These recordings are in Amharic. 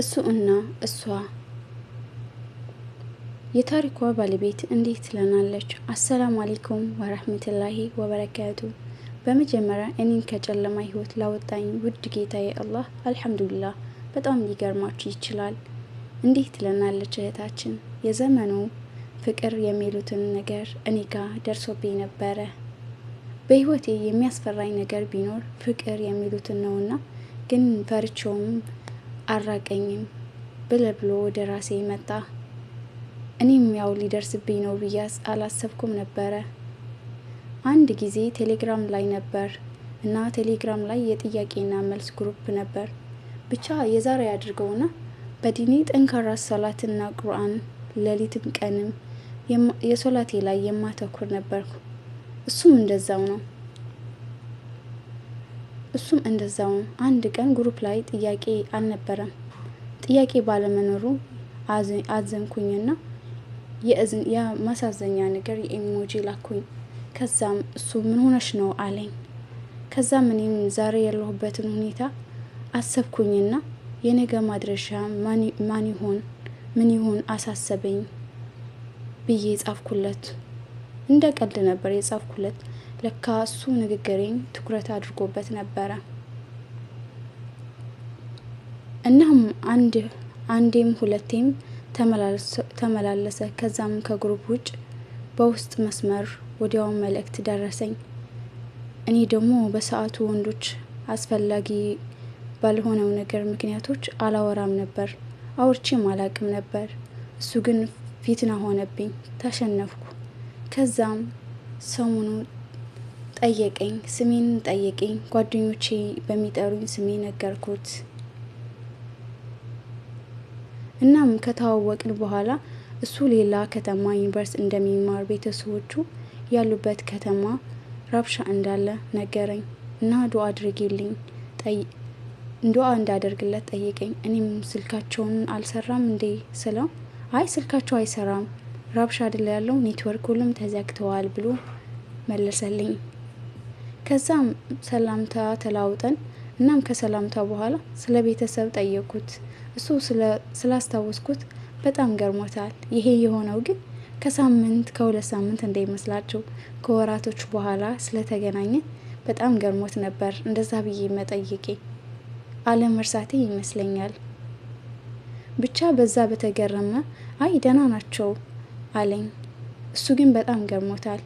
እሱ እና እሷ የታሪኳ ባለቤት እንዲህ ትለናለች። አሰላሙ አሌይኩም ወራህመቱላሂ ወበረካቱ። በመጀመሪያ እኔን ከጨለማ ህይወት ላወጣኝ ውድ ጌታዬ አላህ አልሐምዱሊላህ። በጣም ሊገርማችሁ ይችላል። እንዲህ ትለናለች እህታችን። የዘመኑ ፍቅር የሚሉትን ነገር እኔ ጋር ደርሶብኝ ነበረ። በህይወቴ የሚያስፈራኝ ነገር ቢኖር ፍቅር የሚሉትን ነውና ግን ፈርቼውም! አራቀኝም ብለ ብሎ ወደ ራሴ መጣ። እኔም ያው ሊደርስብኝ ነው ብዬ አላሰብኩም ነበረ። አንድ ጊዜ ቴሌግራም ላይ ነበር እና ቴሌግራም ላይ የጥያቄና መልስ ግሩፕ ነበር። ብቻ የዛሬ አድርገውና በዲኔ ጠንካራ ሶላትና ቁርአን ሌሊትም ቀንም የሶላቴ ላይ የማተኩር ነበርኩ። እሱም እንደዛው ነው። እሱም እንደዛው አንድ ቀን ግሩፕ ላይ ጥያቄ አልነበረም። ጥያቄ ባለመኖሩ አዘንኩኝና የማሳዘኛ ነገር የኢሞጂ ላኩኝ። ከዛም እሱ ምን ሆነሽ ነው አለኝ። ከዛም እኔም ዛሬ ያለሁበትን ሁኔታ አሰብኩኝና የነገ ማድረሻ ማን ይሆን ምን ይሆን አሳሰበኝ ብዬ ጻፍኩለት። እንደ ቀልድ ነበር የጻፍኩለት። ለካ እሱ ንግግሬን ትኩረት አድርጎበት ነበረ። እናም አንድ አንዴም ሁለቴም ተመላለሰ። ከዛም ከግሩፕ ውጭ በውስጥ መስመር ወዲያው መልእክት ደረሰኝ። እኔ ደግሞ በሰዓቱ ወንዶች አስፈላጊ ባልሆነው ነገር ምክንያቶች አላወራም ነበር፣ አውርቼም አላቅም ነበር። እሱ ግን ፊትና ሆነብኝ፣ ተሸነፍኩ። ከዛም ሰሙኑ ጠየቀኝ። ስሜን ጠየቀኝ። ጓደኞቼ በሚጠሩኝ ስሜ ነገርኩት። እናም ከተዋወቅን በኋላ እሱ ሌላ ከተማ ዩኒቨርስቲ እንደሚማር ቤተሰቦቹ ያሉበት ከተማ ራብሻ እንዳለ ነገረኝ እና ዱአ አድርጌልኝ ዱአ እንዳደርግለት ጠየቀኝ። እኔም ስልካቸውን አልሰራም እንዴ ስለው አይ ስልካቸው አይሰራም ራብሻ አይደል ያለው ኔትወርክ ሁሉም ተዘግተዋል ብሎ መለሰልኝ። ከዛም ሰላምታ ተላውጠን እናም ከሰላምታ በኋላ ስለ ቤተሰብ ጠየቅኩት። እሱ ስላስታወስኩት በጣም ገርሞታል። ይሄ የሆነው ግን ከሳምንት ከሁለት ሳምንት እንዳይመስላችሁ ከወራቶች በኋላ ስለተገናኘ በጣም ገርሞት ነበር። እንደዛ ብዬ መጠየቄ አለመርሳቴ ይመስለኛል። ብቻ በዛ በተገረመ አይ ደህና ናቸው አለኝ። እሱ ግን በጣም ገርሞታል።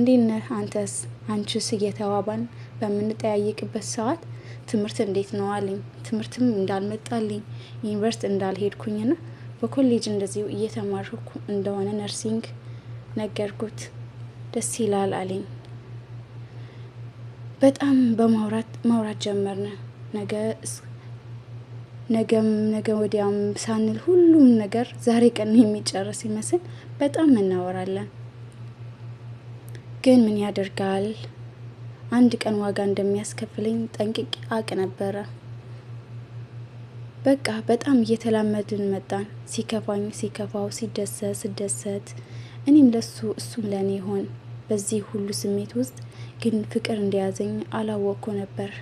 እንዴት ነህ አንተስ አንቺስ እየተባባን በምንጠያየቅበት ሰዓት ትምህርት እንዴት ነው አለኝ። ትምህርትም እንዳልመጣልኝ ዩኒቨርስቲ እንዳልሄድኩኝና በኮሌጅ እንደዚሁ እየተማርኩ እንደሆነ ነርሲንግ ነገርኩት። ደስ ይላል አለኝ። በጣም በማውራት ማውራት ጀመርን። ነገ ነገም ነገ ወዲያም ሳንል ሁሉም ነገር ዛሬ ቀን የሚጨርስ ይመስል በጣም እናወራለን። ግን ምን ያደርጋል አንድ ቀን ዋጋ እንደሚያስከፍለኝ ጠንቅቅ አቅ ነበረ። በቃ በጣም እየተላመድን መጣን። ሲከፋኝ ሲከፋው፣ ሲደሰት ስደሰት፣ እኔም ለሱ እሱም ለእኔ ይሆን። በዚህ ሁሉ ስሜት ውስጥ ግን ፍቅር እንደያዘኝ አላወቅኩ ነበር።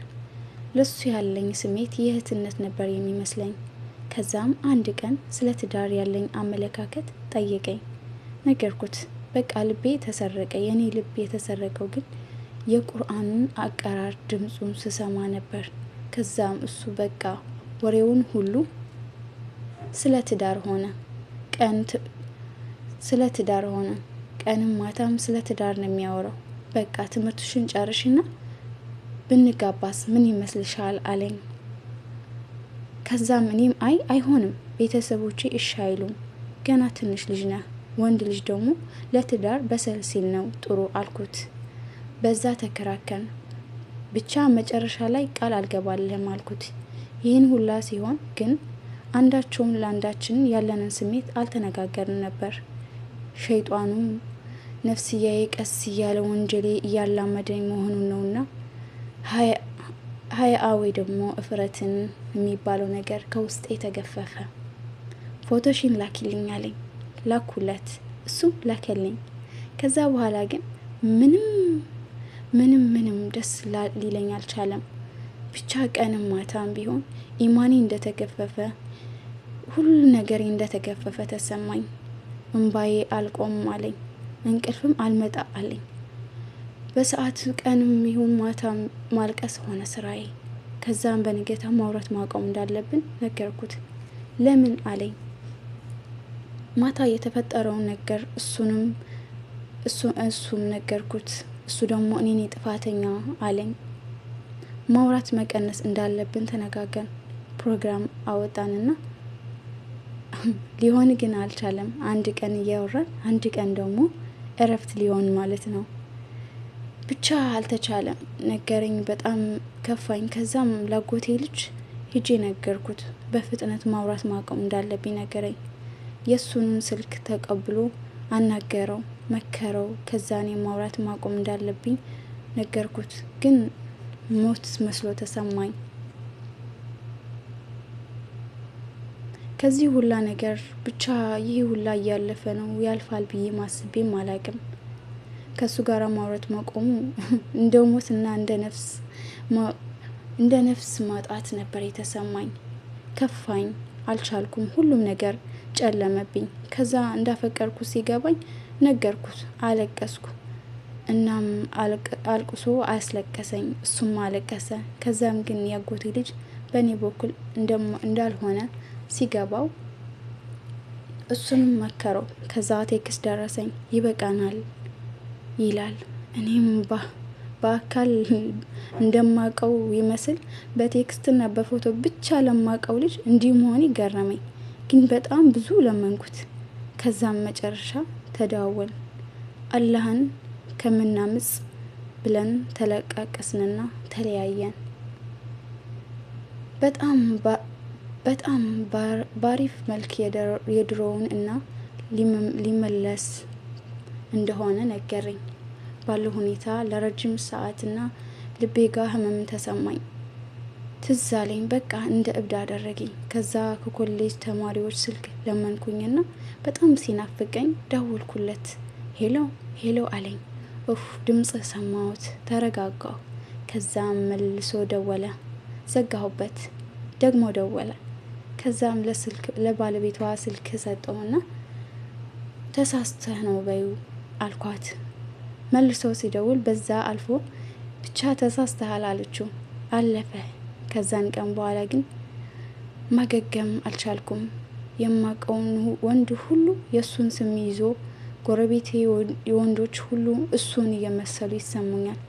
ለሱ ያለኝ ስሜት የእህትነት ነበር የሚመስለኝ። ከዛም አንድ ቀን ስለ ትዳር ያለኝ አመለካከት ጠየቀኝ። ነገርኩት። በቃ ልቤ ተሰረቀ። የእኔ ልቤ የተሰረቀው ግን የቁርአኑን አቀራር ድምፁን ስሰማ ነበር። ከዛም እሱ በቃ ወሬውን ሁሉ ስለ ትዳር ሆነ ቀን ስለ ትዳር ሆነ ቀንም ማታም ስለ ትዳር ነው የሚያወራው። በቃ ትምህርትሽን ጨርሽና ብንጋባስ ምን ይመስልሻል አለኝ። ከዛም እኔም አይ አይሆንም፣ ቤተሰቦቼ እሺ አይሉም፣ ገና ትንሽ ልጅ ነህ ወንድ ልጅ ደግሞ ለትዳር በሰል ሲል ነው ጥሩ አልኩት። በዛ ተከራከን። ብቻ መጨረሻ ላይ ቃል አልገባልህም አልኩት። ይህን ሁላ ሲሆን ግን አንዳቸውም ለአንዳችን ያለንን ስሜት አልተነጋገርን ነበር። ሸይጧኑ ነፍስያዬ ቀስ እያለ ወንጀሌ እያላመደኝ መሆኑን ነውና ሀያአዊ ደግሞ እፍረትን የሚባለው ነገር ከውስጤ ተገፈፈ። ፎቶሽን ላኪልኝ አለኝ። ላኩለት፣ እሱም ላከልኝ። ከዛ በኋላ ግን ምንም ምንም ምንም ደስ ሊለኝ አልቻለም። ብቻ ቀንም ማታም ቢሆን ኢማኔ እንደተገፈፈ ሁሉ ነገር እንደተገፈፈ ተሰማኝ። እምባዬ አልቆም አለኝ፣ እንቅልፍም አልመጣ አለኝ። በሰዓቱ ቀንም ይሁን ማታ ማልቀስ ሆነ ስራዬ። ከዛም በንገታ ማውራት ማቆም እንዳለብን ነገርኩት። ለምን አለኝ። ማታ የተፈጠረውን ነገር እሱንም እሱም ነገርኩት። እሱ ደግሞ እኔኔ ጥፋተኛ አለኝ። ማውራት መቀነስ እንዳለብን ተነጋገን ፕሮግራም አወጣንና ሊሆን ግን አልቻለም። አንድ ቀን እያወራን አንድ ቀን ደግሞ እረፍት ሊሆን ማለት ነው። ብቻ አልተቻለም። ነገረኝ፣ በጣም ከፋኝ። ከዛም ላጎቴ ልጅ ሂጄ ነገርኩት። በፍጥነት ማውራት ማቆም እንዳለብኝ ነገረኝ። የሱንን ስልክ ተቀብሎ አናገረው፣ መከረው። ከዛኔ ማውራት ማቆም እንዳለብኝ ነገርኩት፣ ግን ሞት መስሎ ተሰማኝ። ከዚህ ሁላ ነገር ብቻ ይህ ሁላ እያለፈ ነው ያልፋል ብዬ ማስቤም አላቅም። ከእሱ ጋር ማውራት መቆሙ እንደ ሞት እና እንደ ነፍስ ማጣት ነበር የተሰማኝ። ከፋኝ፣ አልቻልኩም። ሁሉም ነገር ጨለመብኝ። ከዛ እንዳፈቀርኩ ሲገባኝ ነገርኩት፣ አለቀስኩ። እናም አልቅሶ አስለቀሰኝ፣ እሱም አለቀሰ። ከዛም ግን ያጎቴ ልጅ በእኔ በኩል እንዳልሆነ ሲገባው እሱንም መከረው። ከዛ ቴክስ ደረሰኝ፣ ይበቃናል ይላል። እኔም በአካል እንደማቀው ይመስል በቴክስትና በፎቶ ብቻ ለማቀው ልጅ እንዲህ መሆን ይገረመኝ። ግን በጣም ብዙ ለመንኩት። ከዛም መጨረሻ ተደዋወል አላህን ከምናምጽ ብለን ተለቃቀስንና ተለያየን። በጣም በጣም ባሪፍ መልክ የድሮውን እና ሊመለስ እንደሆነ ነገረኝ። ባለው ሁኔታ ለረጅም ሰዓትና ልቤ ጋር ህመም ተሰማኝ። ትዝ አለኝ። በቃ እንደ እብድ አደረገኝ። ከዛ ከኮሌጅ ተማሪዎች ስልክ ለመንኩኝና በጣም ሲናፍቀኝ ደወልኩለት። ሄሎ ሄሎ አለኝ። ኡፍ ድምፅህ ሰማሁት፣ ተረጋጋሁ። ከዛ መልሶ ደወለ፣ ዘጋሁበት። ደግሞ ደወለ። ከዛም ለስልክ ለባለቤቷ ስልክ ሰጠውና ተሳስተህ ነው በዩ አልኳት። መልሶ ሲደውል በዛ አልፎ ብቻ ተሳስተሃል አለችው። አለፈ ከዛን ቀን በኋላ ግን ማገገም አልቻልኩም። የማቀውን ወንድ ሁሉ የእሱን ስም ይዞ ጎረቤቴ የወንዶች ሁሉ እሱን እየመሰሉ ይሰሙኛል።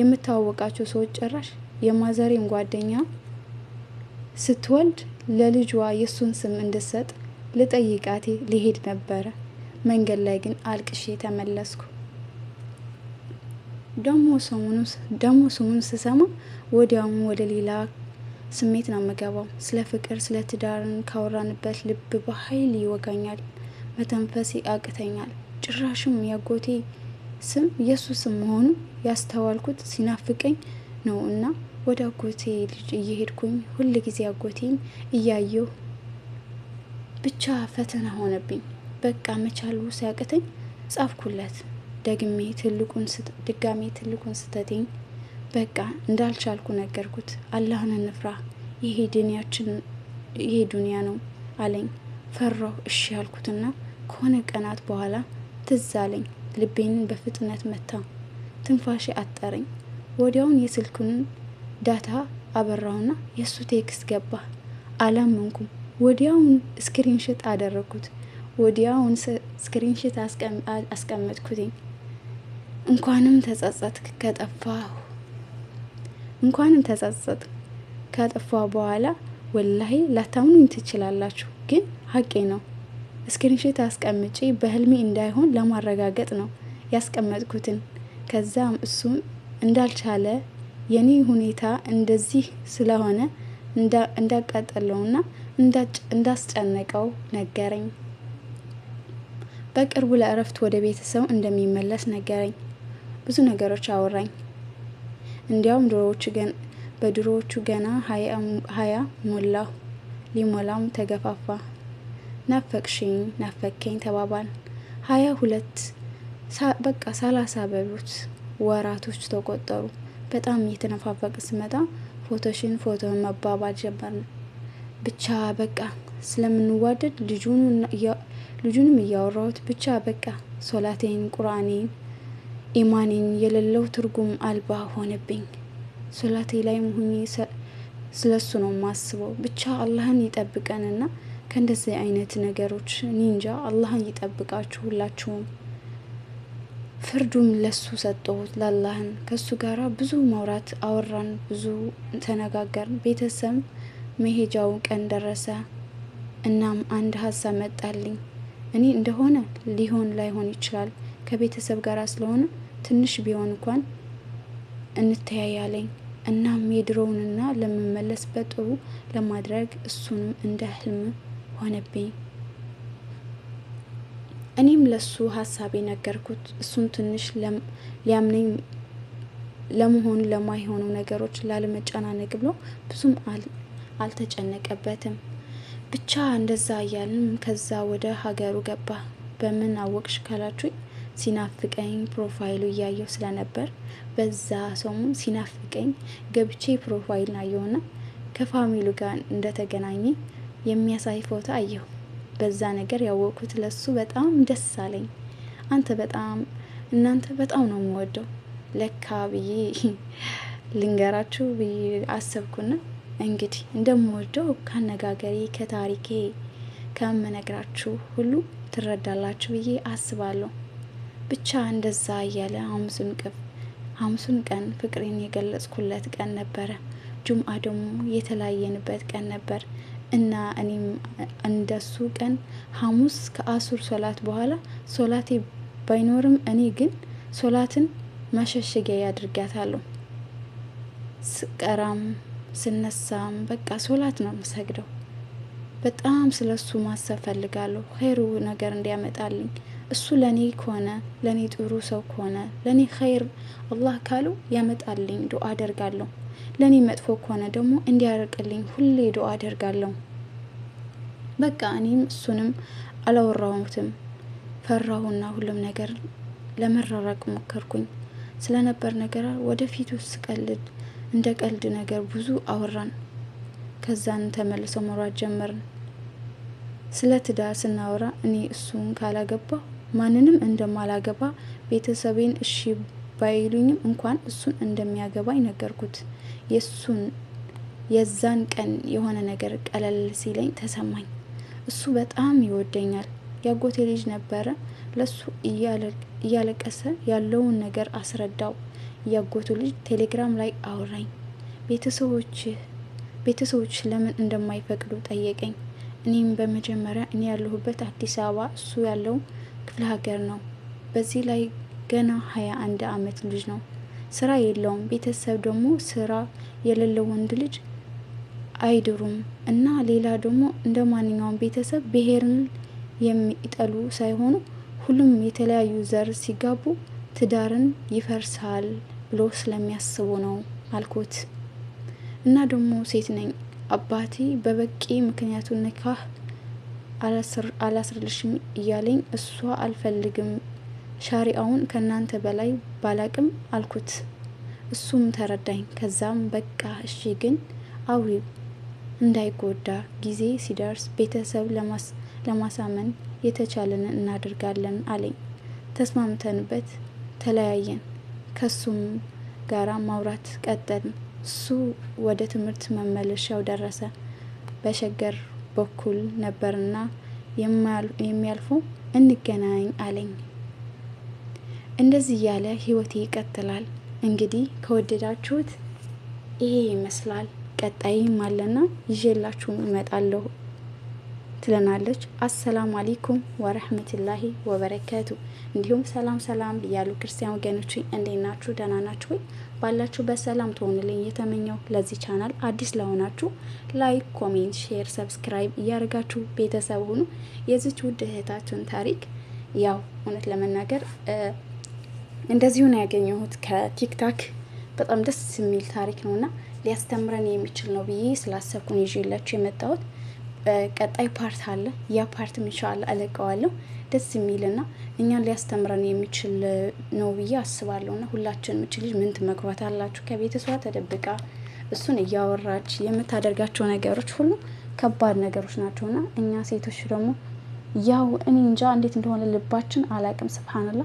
የምታዋወቃቸው ሰዎች ጭራሽ የማዘሬን ጓደኛ ስትወልድ ለልጇ የእሱን ስም እንድሰጥ ልጠይቃቴ ሊሄድ ነበረ። መንገድ ላይ ግን አልቅሼ ተመለስኩ። ደሞ ስሙን ስሰማ ወዲያውኑ ወደ ሌላ ስሜት ነው የምገባው። ስለ ፍቅር፣ ስለ ትዳርን ካወራንበት ልብ በኃይል ይወጋኛል፣ መተንፈስ ያቅተኛል። ጭራሽም ያጎቴ ስም የእሱ ስም መሆኑ ያስተዋልኩት ሲናፍቀኝ ነው እና ወደ አጎቴ ልጅ እየሄድኩኝ ሁል ጊዜ አጎቴን እያየሁ ብቻ ፈተና ሆነብኝ። በቃ መቻሉ ሲያቅተኝ ጻፍኩለት። ደግሜ ትልቁን ድጋሜ ትልቁን ስተትኝ በቃ እንዳልቻልኩ ነገርኩት። አላህን እንፍራ ይሄ ድንያችን ይሄ ዱንያ ነው አለኝ። ፈራሁ። እሺ ያልኩትና ከሆነ ቀናት በኋላ ትዝ አለኝ። ልቤንን በፍጥነት መታ፣ ትንፋሽ አጠረኝ። ወዲያውን የስልኩን ዳታ አበራውና የእሱ ቴክስት ገባ። አላመንኩም። ወዲያውን ስክሪንሽት አደረግኩት። ወዲያውን ስክሪንሽት አስቀመጥኩትኝ። እንኳንም ተጸጸትክ ከጠፋሁ እንኳንም ተጸጸትክ ከጠፋ በኋላ ወላሂ ላታምኑኝ ትችላላችሁ፣ ግን ሀቄ ነው። እስክሪንሽት አስቀምጪ በህልሜ እንዳይሆን ለማረጋገጥ ነው ያስቀመጥኩትን። ከዛም እሱም እንዳልቻለ የኔ ሁኔታ እንደዚህ ስለሆነ እንዳቃጠለውና እንዳስጨነቀው ነገረኝ። በቅርቡ ለእረፍት ወደ ቤተሰብ እንደሚመለስ ነገረኝ። ብዙ ነገሮች አወራኝ። እንዲያውም በድሮዎቹ ገና ሀያ ሞላሁ ሊሞላም ተገፋፋ። ናፈቅሽኝ ናፈከኝ ተባባል። ሀያ ሁለት በቃ ሰላሳ በሉት ወራቶች ተቆጠሩ። በጣም እየተነፋፈቅ ስመጣ ፎቶሽን ፎቶን መባባል ጀመርን። ብቻ በቃ ስለምንዋደድ ልጁንም እያወራሁት ብቻ በቃ ሶላቴን ቁርአኔን ኢማኔን የሌለው ትርጉም አልባ ሆነብኝ። ሶላቴ ላይ መሆኜ ስለ እሱ ነው ማስበው። ብቻ አላህን ይጠብቀንና ከእንደዚህ አይነት ነገሮች ኒንጃ። አላህን ይጠብቃችሁ ሁላችሁም። ፍርዱም ለሱ ሰጠሁት ላላህን። ከሱ ጋራ ብዙ ማውራት አወራን፣ ብዙ ተነጋገርን። ቤተሰብ መሄጃው ቀን ደረሰ። እናም አንድ ሀሳብ መጣልኝ። እኔ እንደሆነ ሊሆን ላይሆን ይችላል ከቤተሰብ ጋር ስለሆነ ትንሽ ቢሆን እንኳን እንተያያለኝ። እናም የድሮውንና ለመመለስ በጥሩ ለማድረግ እሱንም እንደ ህልም ሆነብኝ። እኔም ለሱ ሀሳቤ ነገርኩት። እሱም ትንሽ ሊያምነኝ ለመሆኑ ለማይሆኑ ነገሮች ላለመጨናነቅ ብሎ ብዙም አልተጨነቀበትም። ብቻ እንደዛ እያልን ከዛ ወደ ሀገሩ ገባ። በምን አወቅሽ ካላችሁ ሲናፍቀኝ ፕሮፋይሉ እያየው ስለነበር በዛ ሰሙን ሲናፍቀኝ ገብቼ ፕሮፋይል አየውና ከፋሚሉ ጋር እንደተገናኘ የሚያሳይ ፎቶ አየሁ። በዛ ነገር ያወቅኩት ለሱ በጣም ደስ አለኝ። አንተ በጣም እናንተ በጣም ነው የምወደው ለካ ብዬ ልንገራችሁ ብዬ አሰብኩና እንግዲህ እንደምወደው ካነጋገሬ፣ ከታሪኬ ከምነግራችሁ ሁሉ ትረዳላችሁ ብዬ አስባለሁ። ብቻ እንደዛ እያለ ሀሙሱን ቅፍ ሐሙሱን ቀን ፍቅሬን የገለጽኩለት ቀን ነበረ። ጁምአ ደግሞ የተለያየንበት ቀን ነበር እና እኔም እንደሱ ቀን ሀሙስ ከአሱር ሶላት በኋላ ሶላቴ ባይኖርም እኔ ግን ሶላትን ማሸሸጊያ ያድርጋታለሁ። ስቀራም ስነሳም በቃ ሶላት ነው የምሰግደው። በጣም ስለሱ ማሰብ ፈልጋለሁ ኸይሩ ነገር እንዲያመጣልኝ እሱ ለኔ ከሆነ ለኔ ጥሩ ሰው ከሆነ ለኔ ኸይር አላህ ካለው ያመጣልኝ ዱአ አደርጋለሁ። ለኔ መጥፎ ከሆነ ደግሞ እንዲያርቅልኝ ሁሌ ዱአ አደርጋለሁ። በቃ እኔም እሱንም አላወራሁትም። ፈራሁና ሁሉም ነገር ለመራራቅ ሞከርኩኝ። ስለነበር ነገር ወደፊቱ ስቀልድ እንደ ቀልድ ነገር ብዙ አወራን። ከዛን ተመልሰው መሯት ጀመርን። ስለ ትዳር ስናወራ እኔ እሱን ካላገባ ማንንም እንደማላገባ ቤተሰቤን እሺ ባይሉኝም እንኳን እሱን እንደሚያገባኝ ነገርኩት። የእሱን የዛን ቀን የሆነ ነገር ቀለል ሲለኝ ተሰማኝ። እሱ በጣም ይወደኛል። ያጎቴ ልጅ ነበረ። ለሱ እያለቀሰ ያለውን ነገር አስረዳው። ያጎቱ ልጅ ቴሌግራም ላይ አወራኝ። ቤተሰቦች ለምን እንደማይፈቅዱ ጠየቀኝ። እኔም በመጀመሪያ እኔ ያለሁበት አዲስ አበባ እሱ ያለው ክፍለ ሀገር ነው። በዚህ ላይ ገና ሀያ አንድ አመት ልጅ ነው። ስራ የለውም። ቤተሰብ ደግሞ ስራ የሌለው ወንድ ልጅ አይድሩም እና ሌላ ደግሞ እንደ ማንኛውም ቤተሰብ ብሔርን የሚጠሉ ሳይሆኑ ሁሉም የተለያዩ ዘር ሲጋቡ ትዳርን ይፈርሳል ብሎ ስለሚያስቡ ነው አልኩት። እና ደግሞ ሴት ነኝ አባቴ በበቂ ምክንያቱ ንካህ አላስርልሽም እያለኝ እሷ አልፈልግም ሻሪአውን ከእናንተ በላይ ባላቅም አልኩት። እሱም ተረዳኝ። ከዛም በቃ እሺ ግን አውሪው እንዳይጎዳ ጊዜ ሲደርስ ቤተሰብ ለማሳመን የተቻለንን እናደርጋለን አለኝ። ተስማምተንበት ተለያየን። ከሱም ጋራ ማውራት ቀጠልን። እሱ ወደ ትምህርት መመለሻው ደረሰ በሸገር በኩል ነበርና የሚያልፉ እንገናኝ አለኝ። እንደዚህ እያለ ህይወቴ ይቀጥላል። እንግዲህ ከወደዳችሁት ይሄ ይመስላል። ቀጣይም አለና ይዤላችሁ እመጣለሁ። ትለናለች። አሰላሙ አሌይኩም ወረህመቱላሂ ወበረከቱ። እንዲሁም ሰላም ሰላም እያሉ ክርስቲያን ወገኖች እንዴት ናችሁ? ደህና ናችሁ ወይ? ባላችሁ በሰላም ትሆንልኝ የተመኘው። ለዚህ ቻናል አዲስ ለሆናችሁ ላይክ፣ ኮሜንት፣ ሼር፣ ሰብስክራይብ እያደረጋችሁ ቤተሰብ ሁኑ። የዚች ውድ እህታችን ታሪክ ያው እውነት ለመናገር እንደዚሁ ነው ያገኘሁት ከቲክታክ በጣም ደስ የሚል ታሪክ ነው እና ሊያስተምረን የሚችል ነው ብዬ ስላሰብኩን ይዤላችሁ የመጣሁት ቀጣይ ፓርት አለ። ያ ፓርትም ኢንሻአላህ አለቀዋለሁ። ደስ የሚልና እኛን ሊያስተምረን የሚችል ነው ብዬ አስባለሁ። እና ሁላችን እች ልጅ ምን ትመክሯት አላችሁ? ከቤተሰቧ ተደብቃ እሱን እያወራች የምታደርጋቸው ነገሮች ሁሉ ከባድ ነገሮች ናቸው። ና እኛ ሴቶች ደግሞ ያው እኔ እንጃ እንዴት እንደሆነ ልባችን አላቅም። ስብሓንላ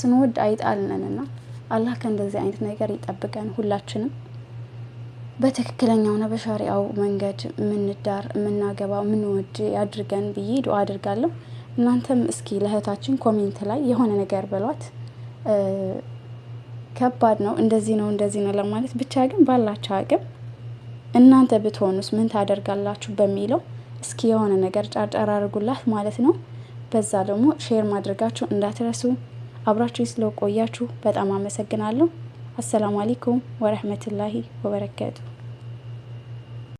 ስንወድ አይጣልነን ና አላህ ከእንደዚህ አይነት ነገር ይጠብቀን ሁላችንም። በትክክለኛው ና በሻሪያው መንገድ ምንዳር ምናገባ ምንወድ ያድርገን ብዬ ዱ አድርጋለሁ። እናንተም እስኪ ለእህታችን ኮሜንት ላይ የሆነ ነገር በሏት። ከባድ ነው እንደዚህ ነው እንደዚህ ነው ለማለት ብቻ ግን ባላቸው አቅም እናንተ ብትሆኑስ ምን ታደርጋላችሁ በሚለው እስኪ የሆነ ነገር ጫርጫር አድርጉላት ማለት ነው። በዛ ደግሞ ሼር ማድረጋችሁ እንዳትረሱ። አብራችሁ ስለቆያችሁ በጣም አመሰግናለሁ። አሰላሙ አለይኩም ወረህመቱላሂ ወበረከቱ?